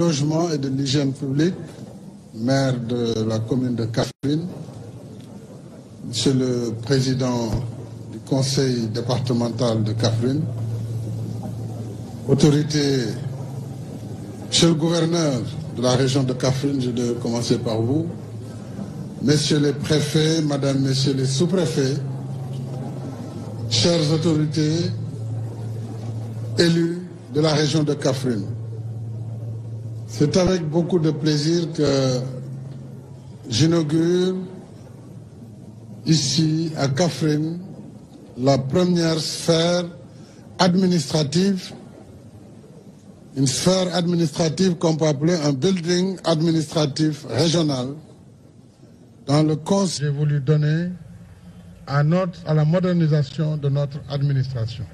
logement et de l'hygiène publique, maire de la commune de Kaffrine, Monsieur le Président du Conseil départemental de Kaffrine, autorité, Monsieur le Gouverneur de la région de Kaffrine, je dois commencer par vous, Messieurs les préfets, Madame, Messieurs les sous-préfets, chères autorités, élus de la région de Kaffrine. C'est avec beaucoup de plaisir que j'inaugure ici à Kafrine la première sphère administrative, une sphère administrative qu'on peut appeler un building administratif régional, dans le conseil j'ai voulu donner à, à la modernisation de notre administration.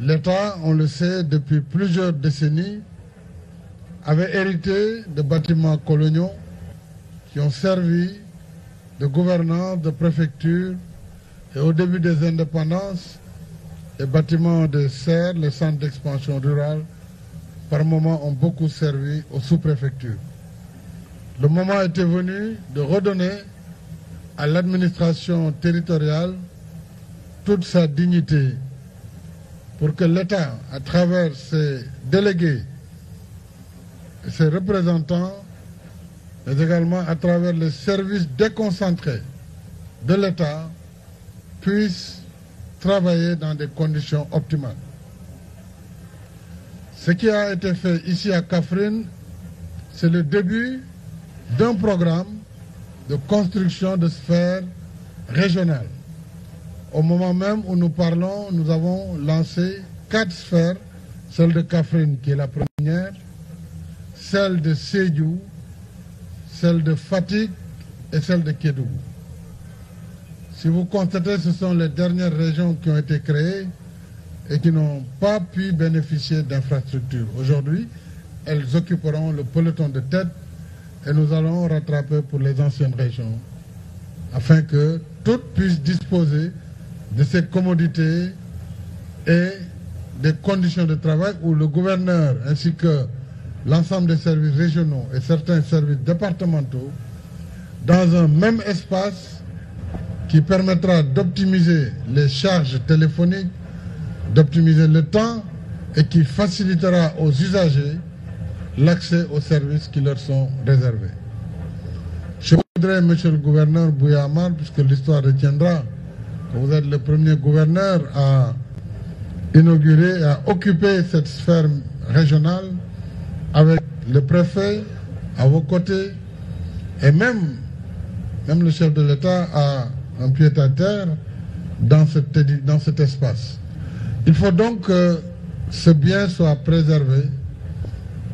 L'État, on le sait, depuis plusieurs décennies, avait hérité de bâtiments coloniaux qui ont servi de gouvernance, de préfecture, et au début des indépendances, les bâtiments de serre, les centres d'expansion rurale, par moments ont beaucoup servi aux sous-préfectures. Le moment était venu de redonner à l'administration territoriale toute sa dignité pour que l'État, à travers ses délégués, ses représentants, mais également à travers les services déconcentrés de l'État, puissent travailler dans des conditions optimales. Ce qui a été fait ici à Kafrine, c'est le début d'un programme de construction de sphères régionales. Au moment même où nous parlons, nous avons lancé quatre sphères, celle de Kafrine qui est la première, celle de Sédhiou, celle de Fatick et celle de Kédougou. Si vous constatez, ce sont les dernières régions qui ont été créées et qui n'ont pas pu bénéficier d'infrastructures. Aujourd'hui, elles occuperont le peloton de tête et nous allons rattraper pour les anciennes régions afin que toutes puissent disposer de ces commodités et des conditions de travail où le gouverneur ainsi l'ensemble des services régionaux et certains services départementaux dans un même espace qui permettra d'optimiser les charges téléphoniques, d'optimiser le temps et qui facilitera aux usagers l'accès aux services qui leur sont réservés. Je voudrais, Monsieur le gouverneur Bouyamar, puisque l'histoire retiendra, que vous êtes le premier gouverneur à à occuper cette sphère régionale avec le préfet à vos côtés et même, même le chef de l'État a un pied à terre dans, cette, dans cet espace. Il faut donc que ce bien soit préservé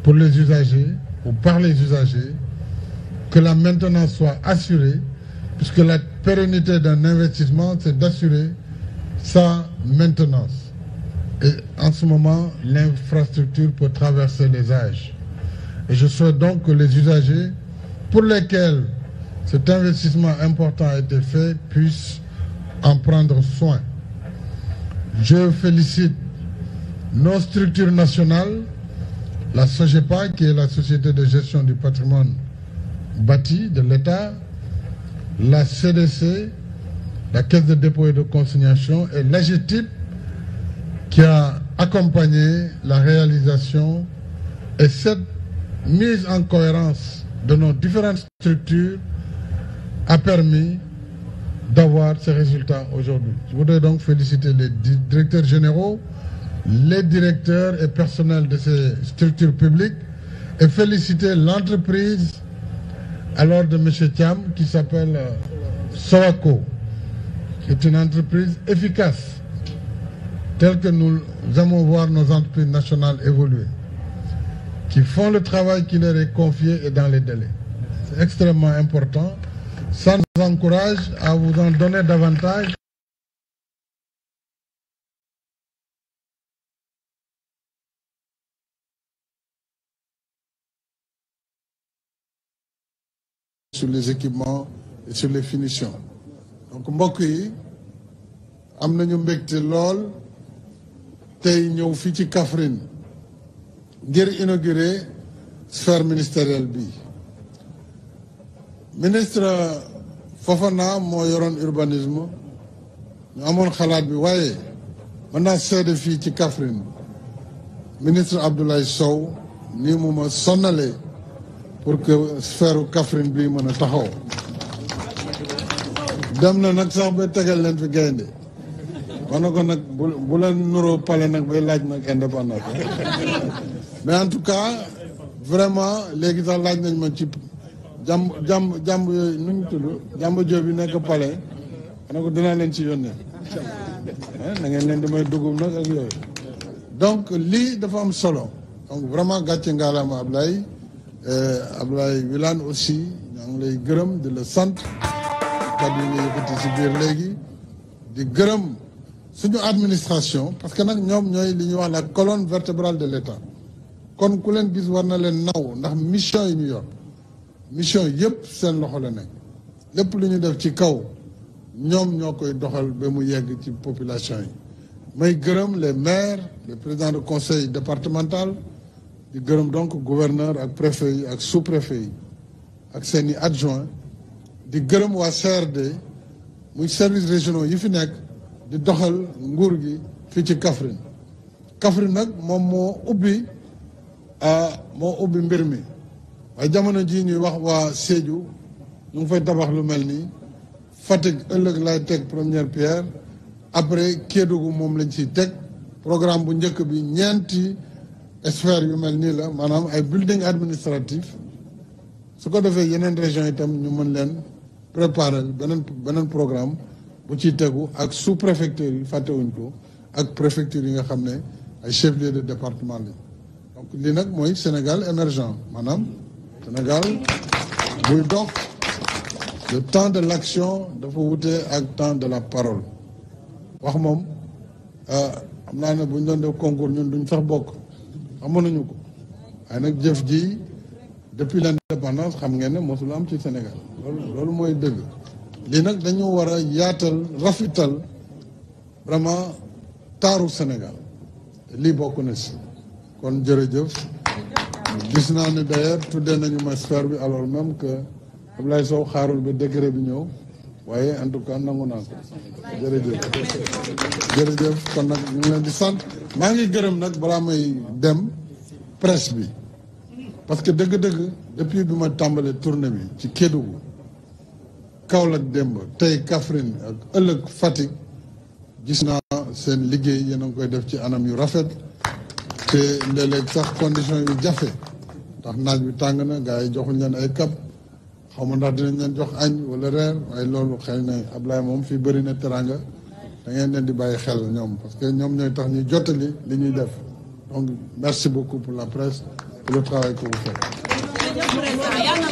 pour les usagers ou par les usagers, que la maintenance soit assurée, puisque la pérennité d'un investissement, c'est d'assurer sa maintenance. en ce moment, l'infrastructure peut traverser les âges. Et je souhaite donc les usagers pour lesquels cet investissement important a été fait puissent en prendre soin. Je félicite nos structures nationales, la SOGEPA, qui est la Société de gestion du patrimoine bâti de l'État, la CDC, la Caisse de dépôt et de consignation et l'AGTIP, qui a accompagné la réalisation et cette mise en cohérence de nos différentes structures a permis d'avoir ces résultats aujourd'hui. Je voudrais donc féliciter les directeurs généraux, les directeurs et personnels de ces structures publiques et féliciter l'entreprise alors de M. Thiam qui s'appelle euh, Soaco. C'est une entreprise efficace tels que nous allons voir nos entreprises nationales évoluer, qui font le travail qui leur confié et dans les délais. C'est extrêmement important. Ça encourage à vous en donner davantage. sur les mbokk yi am nañu mbégte lool tey ñëw fii ci Kaffrine ngir inaugurer sphère ministérielle bi ministre Fofana moo yoroon urbanisme ñu amoon xalaat bi waaye mën naa seede fii ci kafrin ministre Abdoulaye Sow ni mu ma sonnalee pour que sphère Kaffrine bii mën a taxaw dem na nag sax ba tegal leen fi gaynde kon nag nag bu la nuroo pale nag bay laaj nag indépendance mais en tout cas vraiment léegi sax laaj nañ ma ci jàmb jàmb jàmb yooyu tudd jàmb joo bi nekk pale xanaa ko dinaa leen ci yónnee eh, na ngeen leen di may dugub nag ak yooyu donc lii dafa am solo donc vraiment gàcce ngaalaama Ablaye eh, Ablaye Wilane aussi ñoo ngi lay gërëm di la sant kàddu yi nga yëkkati si biir léegi di gërëm suñu administration parce que nag ñoom ñooy li ñuy wax la colonne vertébrale de l'État kon ku leen gis war na leen naw ndax mission yi ñu yor mission yépp seen loxo la nekk lépp lu ñu def ci kaw ñoom ñoo koy doxal ba mu yegg ci population yi may gërëm les maire les présidents de conseil départemental di gërëm donc gouverneur ak préfet yi ak sous-préfet yi ak seeni adjoint di gërëm waa CRD muy services régionaux yi fi nekk di doxal nguur gi fii ci Kaffrine Kaffrine nag moom moo ubbi moo ubbi mbir mi waaye jamono jii ñuy wax waa Sédhiou ñu ngi fay tabax lu mel nii Fatick ëllëg lay teg première pierre après Kédougou moom lañ ciy teg programme bu njëkk bi ñeenti sphère yu mel nii la maanaam ay building administratif su ko defee yeneen région itam ñu mën leen préparer beneen beneen programme bu ci tegu ak sous préfecture yi fàttewuñ ko ak préfecture yi nga xam ne ay chef lieu de département lañ donc li nag mooy Sénégal émergent maanaam Sénégal buy dox le temps de l'action dafa wute ak temps de la parole wax moom euh, xam naa ne buñ doon def concours ñun duñ sax bokk xamoon nañu ko waaye nag jëf ji depuis l'indépendance xam ngeen ne mosul am ci Sénégal loolu loolu mooy dëgg lii nag dañu war a yaatal rafetal vraiment taaru Sénégal lii bokk na si kon jërëjëf gis naa ni d'ailleurs tudde nañu ma sphère bi alors même que Abdoulaye Sow xaarul ba dégré bi ñëw waaye en tout cas nangu naa ko jërëjëf jërëjëf kon nag mu ngi leen di sant maa ngi gërëm nag balaa may dem presse bi parce que dëgg-dëgg depuis bi ma tàmbalee tournée bi ci Kédougou Kaolack démb tey Kaffrine ak ëllëg Fatick gis naa seen liggéey yéen a ngi koy def ci anam yu rafet te léeg sax condition yu jafe ndax naaj bi tàng na gars yi joxuñ leen ay kap xaw ma ndax dinañ leen jox añ wala reer waaye loolu xëy na Ablaye moom fii bëri na teranga da ngeen leen di bàyyi xel ñoom parce que ñoom ñooy tax ñuy jottali li ñuy def donc merci beaucoup pour la presse et le travail que vous faites